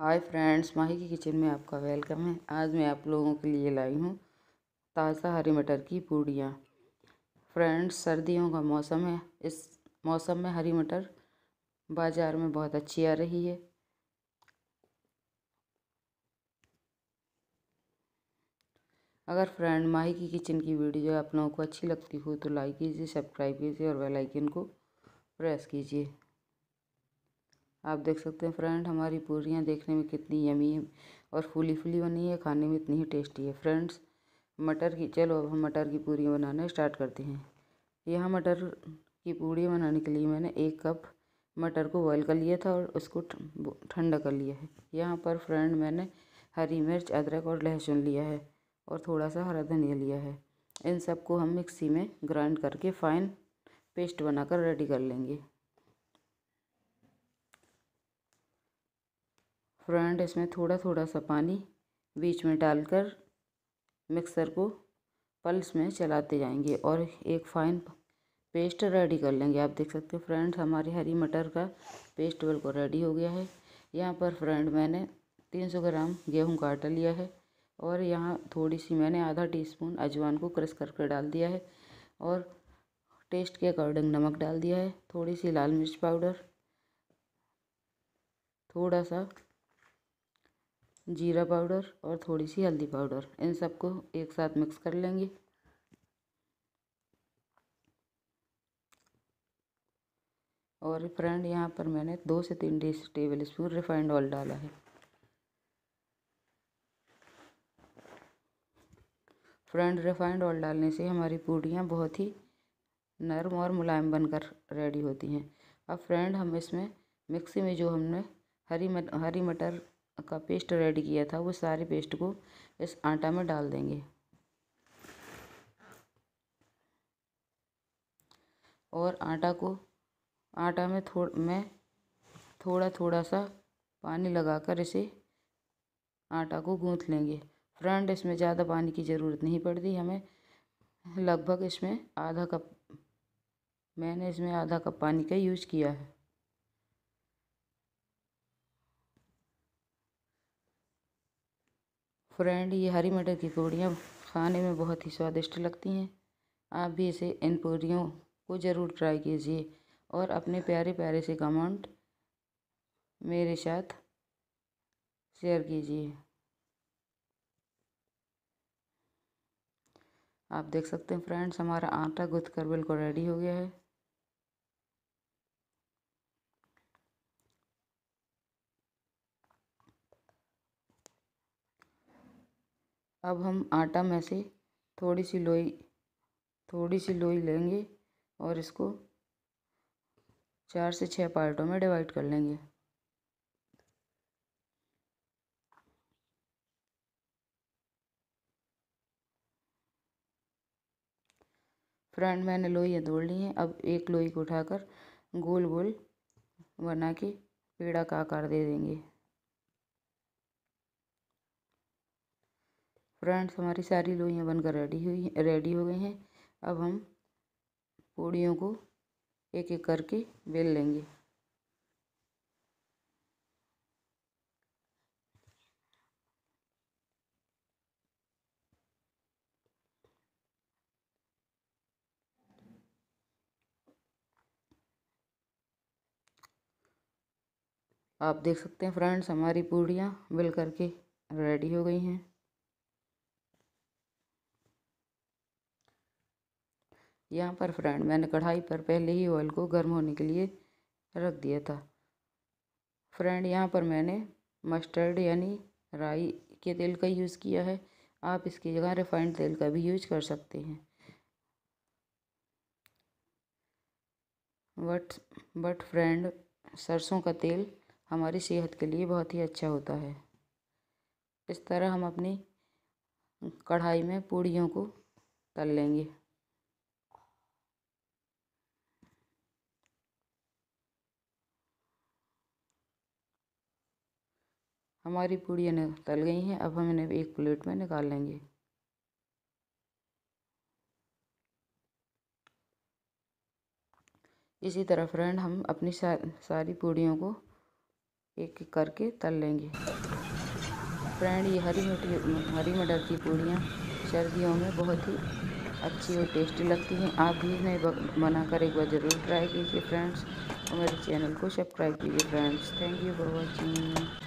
हाय friends Mahi की kitchen में आपका वेलकम है आज मैं आप लोगों के लिए लाई हूँ ताज़ा हरी मटर की पूड़ियाँ फ्रेंड्स सर्दियों का मौसम है इस मौसम में हरी मटर बाज़ार में बहुत अच्छी आ रही है अगर फ्रेंड माही की किचन की वीडियो आप लोगों को अच्छी लगती हो तो लाइक कीजिए सब्सक्राइब कीजिए और बेल आइकन को प्रेस कीजिए आप देख सकते हैं फ्रेंड हमारी पूरियाँ देखने में कितनी यमी है और फूली फूली बनी है खाने में इतनी ही टेस्टी है फ्रेंड्स मटर की चलो अब हम मटर की पूरी बनाना स्टार्ट करते हैं यहाँ मटर की पूरी बनाने के लिए मैंने एक कप मटर को बॉयल कर लिया था और उसको ठंडा कर लिया है यहाँ पर फ्रेंड मैंने हरी मिर्च अदरक और लहसुन लिया है और थोड़ा सा हरा धनिया लिया है इन सबको हम मिक्सी में ग्राइंड करके फाइन पेस्ट बनाकर रेडी कर लेंगे फ्रेंड इसमें थोड़ा थोड़ा सा पानी बीच में डालकर मिक्सर को पल्स में चलाते जाएंगे और एक फाइन पेस्ट रेडी कर लेंगे आप देख सकते हो फ्रेंड्स हमारी हरी मटर का पेस्ट बिल्कुल रेडी हो गया है यहाँ पर फ्रेंड मैंने तीन सौ ग्राम गेहूँ का आटा लिया है और यहाँ थोड़ी सी मैंने आधा टीस्पून अजवान को क्रश करके डाल दिया है और टेस्ट के अकॉर्डिंग नमक डाल दिया है थोड़ी सी लाल मिर्च पाउडर थोड़ा सा जीरा पाउडर और थोड़ी सी हल्दी पाउडर इन सबको एक साथ मिक्स कर लेंगे और फ्रेंड यहाँ पर मैंने दो से तीन टेबल स्पून रिफाइंड ऑयल डाला है फ्रेंड रिफाइंड ऑयल डालने से हमारी पूड़ियाँ बहुत ही नरम और मुलायम बनकर रेडी होती हैं अब फ्रेंड हम इसमें मिक्सी में जो हमने हरी मट, हरी मटर का पेस्ट रेडी किया था वो सारे पेस्ट को इस आटा में डाल देंगे और आटा को आटा में थोड़ मैं थोड़ा थोड़ा सा पानी लगाकर इसे आटा को गूँथ लेंगे फ्रेंड इसमें ज़्यादा पानी की ज़रूरत नहीं पड़ती हमें लगभग इसमें आधा कप मैंने इसमें आधा कप पानी का यूज किया है फ्रेंड ये हरी मटर की पूड़ियाँ खाने में बहुत ही स्वादिष्ट लगती हैं आप भी इसे इन पूड़ियों को ज़रूर ट्राई कीजिए और अपने प्यारे प्यारे से कमेंट मेरे साथ शेयर कीजिए आप देख सकते हैं फ्रेंड्स हमारा आटा गुथ कर बिल्कुल रेडी हो गया है अब हम आटा में से थोड़ी सी लोई थोड़ी सी लोई लेंगे और इसको चार से छः पार्टों में डिवाइड कर लेंगे फ्रंट मैंने लोहियाँ तोड़ ली हैं अब एक लोई को उठाकर गोल गोल बना के पेड़ा का आकार दे देंगे फ्रेंड्स हमारी सारी लोइयाँ बनकर रेडी हुई रेडी हो गई हैं अब हम पूड़ियों को एक एक करके बेल लेंगे आप देख सकते हैं फ्रेंड्स हमारी पूड़ियाँ बिल करके रेडी हो गई हैं यहाँ पर फ्रेंड मैंने कढ़ाई पर पहले ही ऑयल को गर्म होने के लिए रख दिया था फ्रेंड यहाँ पर मैंने मस्टर्ड यानी राई के तेल का यूज़ किया है आप इसकी जगह रिफाइंड तेल का भी यूज कर सकते हैं बट बट फ्रेंड सरसों का तेल हमारी सेहत के लिए बहुत ही अच्छा होता है इस तरह हम अपनी कढ़ाई में पूड़ियों को तल लेंगे हमारी पूड़ियाँ तल गई हैं अब हम इन्हें एक प्लेट में निकाल लेंगे इसी तरह फ्रेंड हम अपनी सारी पूड़ियों को एक एक करके तल लेंगे फ्रेंड ये हरी मटर हरी मटर की पूड़ियाँ सर्दियों में बहुत ही अच्छी और टेस्टी लगती हैं आप भी इन्हें बनाकर एक बार ज़रूर ट्राई कीजिए फ्रेंड्स और मेरे चैनल को सब्सक्राइब कीजिए friends thank you for watching